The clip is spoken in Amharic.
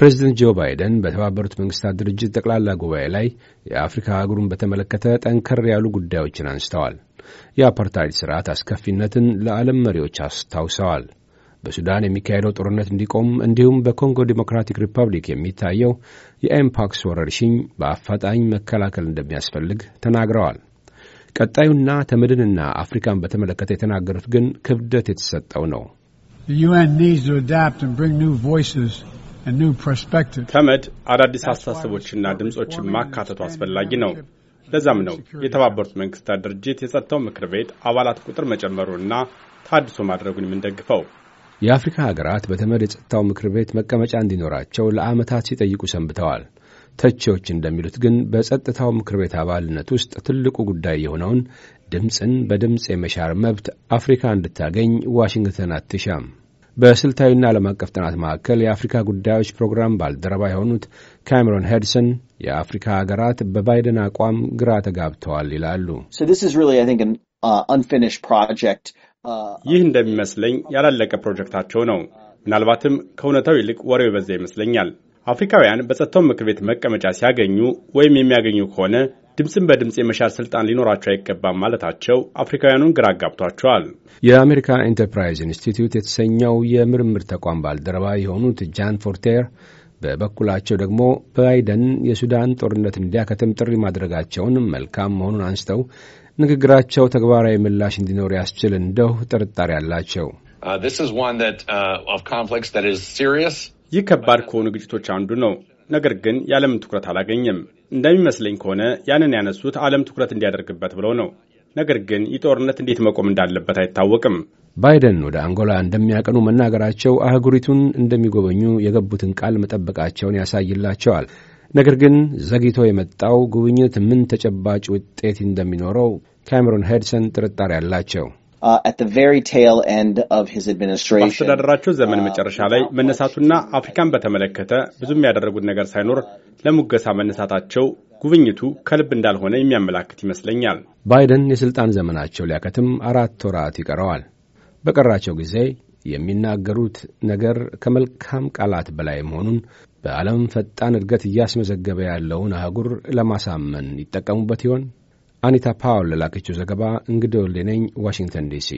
ፕሬዚደንት ጆ ባይደን በተባበሩት መንግስታት ድርጅት ጠቅላላ ጉባኤ ላይ የአፍሪካ አህጉሩን በተመለከተ ጠንከር ያሉ ጉዳዮችን አንስተዋል። የአፓርታይድ ስርዓት አስከፊነትን ለዓለም መሪዎች አስታውሰዋል። በሱዳን የሚካሄደው ጦርነት እንዲቆም እንዲሁም በኮንጎ ዲሞክራቲክ ሪፐብሊክ የሚታየው የኤምፓክስ ወረርሽኝ በአፋጣኝ መከላከል እንደሚያስፈልግ ተናግረዋል። ቀጣዩና ተመድንና አፍሪካን በተመለከተ የተናገሩት ግን ክብደት የተሰጠው ነው። The UN needs to adapt and bring new voices ተመድ አዳዲስ አስተሳሰቦችና ድምፆችን ማካተቱ አስፈላጊ ነው። ለዛም ነው የተባበሩት መንግስታት ድርጅት የጸጥታው ምክር ቤት አባላት ቁጥር መጨመሩንና ታድሶ ማድረጉን የምንደግፈው። የአፍሪካ ሀገራት በተመድ የጸጥታው ምክር ቤት መቀመጫ እንዲኖራቸው ለዓመታት ሲጠይቁ ሰንብተዋል። ተቺዎች እንደሚሉት ግን በጸጥታው ምክር ቤት አባልነት ውስጥ ትልቁ ጉዳይ የሆነውን ድምፅን በድምፅ የመሻር መብት አፍሪካ እንድታገኝ ዋሽንግተን አትሻም። በስልታዊና ዓለም አቀፍ ጥናት ማዕከል የአፍሪካ ጉዳዮች ፕሮግራም ባልደረባ የሆኑት ካሜሮን ሄድሰን የአፍሪካ ሀገራት በባይደን አቋም ግራ ተጋብተዋል ይላሉ። uh, uh, ይህ እንደሚመስለኝ ያላለቀ ፕሮጀክታቸው ነው። ምናልባትም ከእውነታው ይልቅ ወሬው የበዛ ይመስለኛል። አፍሪካውያን በጸጥታው ምክር ቤት መቀመጫ ሲያገኙ ወይም የሚያገኙ ከሆነ ድምፅን በድምፅ የመሻር ስልጣን ሊኖራቸው አይገባም ማለታቸው አፍሪካውያኑን ግራ አጋብቷቸዋል። የአሜሪካ ኢንተርፕራይዝ ኢንስቲትዩት የተሰኘው የምርምር ተቋም ባልደረባ የሆኑት ጃን ፎርቴር በበኩላቸው ደግሞ ባይደን የሱዳን ጦርነት እንዲያከትም ጥሪ ማድረጋቸውን መልካም መሆኑን አንስተው ንግግራቸው ተግባራዊ ምላሽ እንዲኖር ያስችል እንደው ጥርጣሬ አላቸው። uh, uh, ይህ ከባድ ከሆኑ ግጭቶች አንዱ ነው፣ ነገር ግን የዓለምን ትኩረት አላገኘም። እንደሚመስለኝ ከሆነ ያንን ያነሱት ዓለም ትኩረት እንዲያደርግበት ብለው ነው። ነገር ግን ይህ ጦርነት እንዴት መቆም እንዳለበት አይታወቅም። ባይደን ወደ አንጎላ እንደሚያቀኑ መናገራቸው አህጉሪቱን እንደሚጎበኙ የገቡትን ቃል መጠበቃቸውን ያሳይላቸዋል። ነገር ግን ዘግይቶ የመጣው ጉብኝት ምን ተጨባጭ ውጤት እንደሚኖረው ካሜሮን ሄድሰን ጥርጣሬ አላቸው። አት ቨሪ ቴል ኤንድ ኦፍ ሂዝ አድሚኒስትሬሽን በአስተዳደራቸው ዘመን uh, መጨረሻ ላይ መነሳቱና አፍሪካን በተመለከተ ብዙም ያደረጉት ነገር ሳይኖር ለሙገሳ መነሳታቸው ጉብኝቱ ከልብ እንዳልሆነ የሚያመላክት ይመስለኛል። ባይደን የሥልጣን ዘመናቸው ሊያከትም አራት ወራት ይቀረዋል። በቀራቸው ጊዜ የሚናገሩት ነገር ከመልካም ቃላት በላይ መሆኑን በዓለም ፈጣን እድገት እያስመዘገበ ያለውን አህጉር ለማሳመን ይጠቀሙበት ይሆን? አኒታ ፓውል ለላከችው ዘገባ እንግዲህ ወልዴ ነኝ ዋሽንግተን ዲሲ